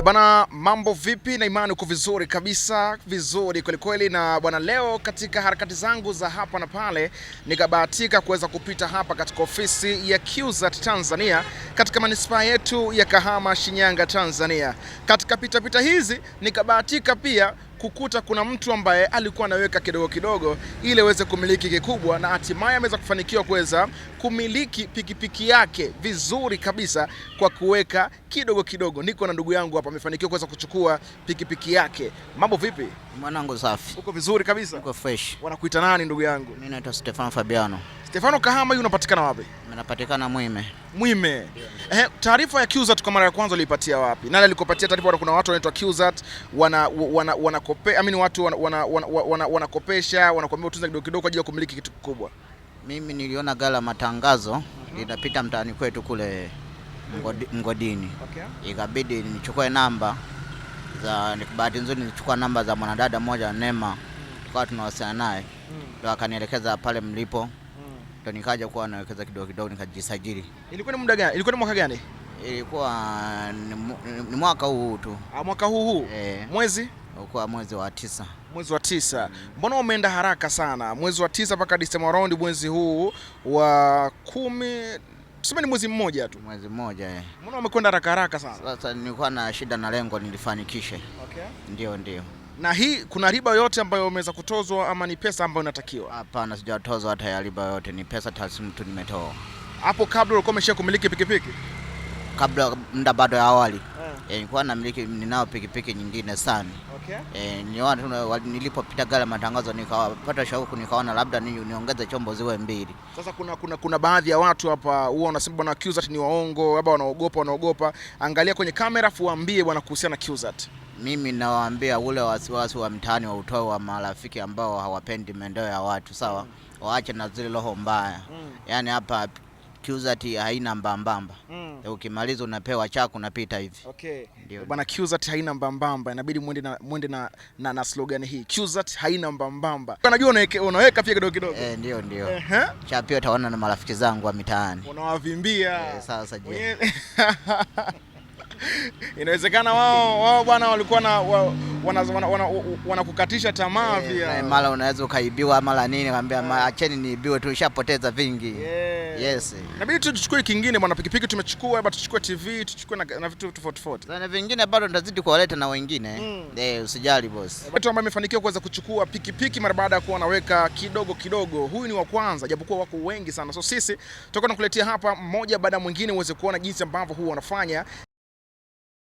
E eh, bwana, mambo vipi? Na imani uko vizuri kabisa, vizuri kwelikweli. Na bwana, leo katika harakati zangu za hapa na pale nikabahatika kuweza kupita hapa katika ofisi ya Kuzzat Tanzania katika manispaa yetu ya Kahama, Shinyanga, Tanzania. Katika pitapita -pita hizi nikabahatika pia kukuta kuna mtu ambaye alikuwa anaweka kidogo kidogo ili aweze kumiliki kikubwa, na hatimaye ameweza kufanikiwa kuweza kumiliki pikipiki yake vizuri kabisa kwa kuweka kidogo kidogo. Niko na ndugu yangu hapa amefanikiwa kuweza kuchukua pikipiki yake. Mambo vipi mwanangu? Safi, uko vizuri kabisa? Uko fresh. Wanakuita nani ndugu yangu? Mimi naitwa Stefano Fabiano. Stefano Kahama huyu unapatikana wapi? Napatikana Mwime. Mwime. Eh, taarifa ya Qzat kwa mara ya kwanza uliipatia wapi? Nani alikopatia taarifa? Kuna watu wanaitwa Qzat wana wana wanakope, I mean watu wana wanakopesha, wanakuambia utunze kidogo kidogo kwa ajili ya kumiliki kitu kikubwa. Mimi niliona gala matangazo linapita mtaani kwetu kule Mgodini. Okay. Ikabidi nichukue namba za, bahati nzuri nilichukua namba za mwanadada mmoja Neema, tukawa tunawasiliana naye. Mm. Ndio akanielekeza pale mlipo ndo nikaja kuwa nawekeza kidogo kidogo nikajisajili. Ilikuwa ni muda gani? Ilikuwa ni mwaka gani? Ilikuwa ni mwaka huu tu. Ah, mwaka huu huu. E, mwezi kwa mwezi wa tisa. Mwezi wa tisa. Mm. Mbona umeenda haraka sana? Mwezi wa tisa mpaka Disemba round mwezi huu wa kumi tuseme ni mwezi mmoja tu. Mwezi mmoja eh. Mbona umekwenda haraka haraka sana? Sasa nilikuwa na shida na lengo nilifanikishe. Okay. Ndio, ndio na hii kuna riba yote ambayo umeweza kutozwa ama ni pesa ambayo inatakiwa? Hapana, sijatozwa hata ya riba yote, ni pesa taslimu tu nimetoa. Hapo kabla ulikuwa umesha kumiliki pikipiki? Kabla muda bado ya awali yeah. E, eh, nilikuwa namiliki, ninao pikipiki nyingine sana. Okay. E, nilipopita gala matangazo nikapata shauku, nikaona labda niongeze chombo ziwe mbili. Sasa kuna, kuna, kuna baadhi ya watu hapa huwa wanasema bwana Qzat ni waongo, labda wanaogopa, wanaogopa. Angalia kwenye kamera, fuambie bwana kuhusiana na Qzat mimi nawaambia ule wasiwasi wa mtaani wa utoe wa marafiki ambao hawapendi maendeo ya watu sawa, mm. waache na zile roho mbaya mm. yaani hapa QZT haina mbambamba mm. ukimaliza unapewa chako unapita hivi okay. Bwana QZT haina mbambamba, inabidi mwende na, mwende na, na, na slogan hii QZT haina mbambamba. Unajua unaweka pia kidogo kidogo eh, ndio ndio uh -huh. cha pia utaona na marafiki zangu wa mitaani unawavimbia eh, sasa je inawezekana wao wao bwana walikuwa na wanakukatisha wana, wana, wana tamaa eh, pia eh, mara unaweza ukaibiwa mara nini, kaambia acheni niibiwe, nishapoteza vingi yeah. Yes, inabidi tu tuchukue kingine bwana, pikipiki tumechukua, hapa, tuchukue TV tuchukue na, na vitu tofauti tofauti na vingine, bado nitazidi kuwaleta na wengine mm. Eh, usijali boss. Eh, watu ambao wamefanikiwa kuweza kuchukua pikipiki mara baada ya kuwa wanaweka kidogo kidogo, huyu ni wa kwanza, japokuwa wako wengi sana, so sisi tutakuwa tunakuletea hapa mmoja baada ya mwingine uweze kuona jinsi ambavyo huwa wanafanya.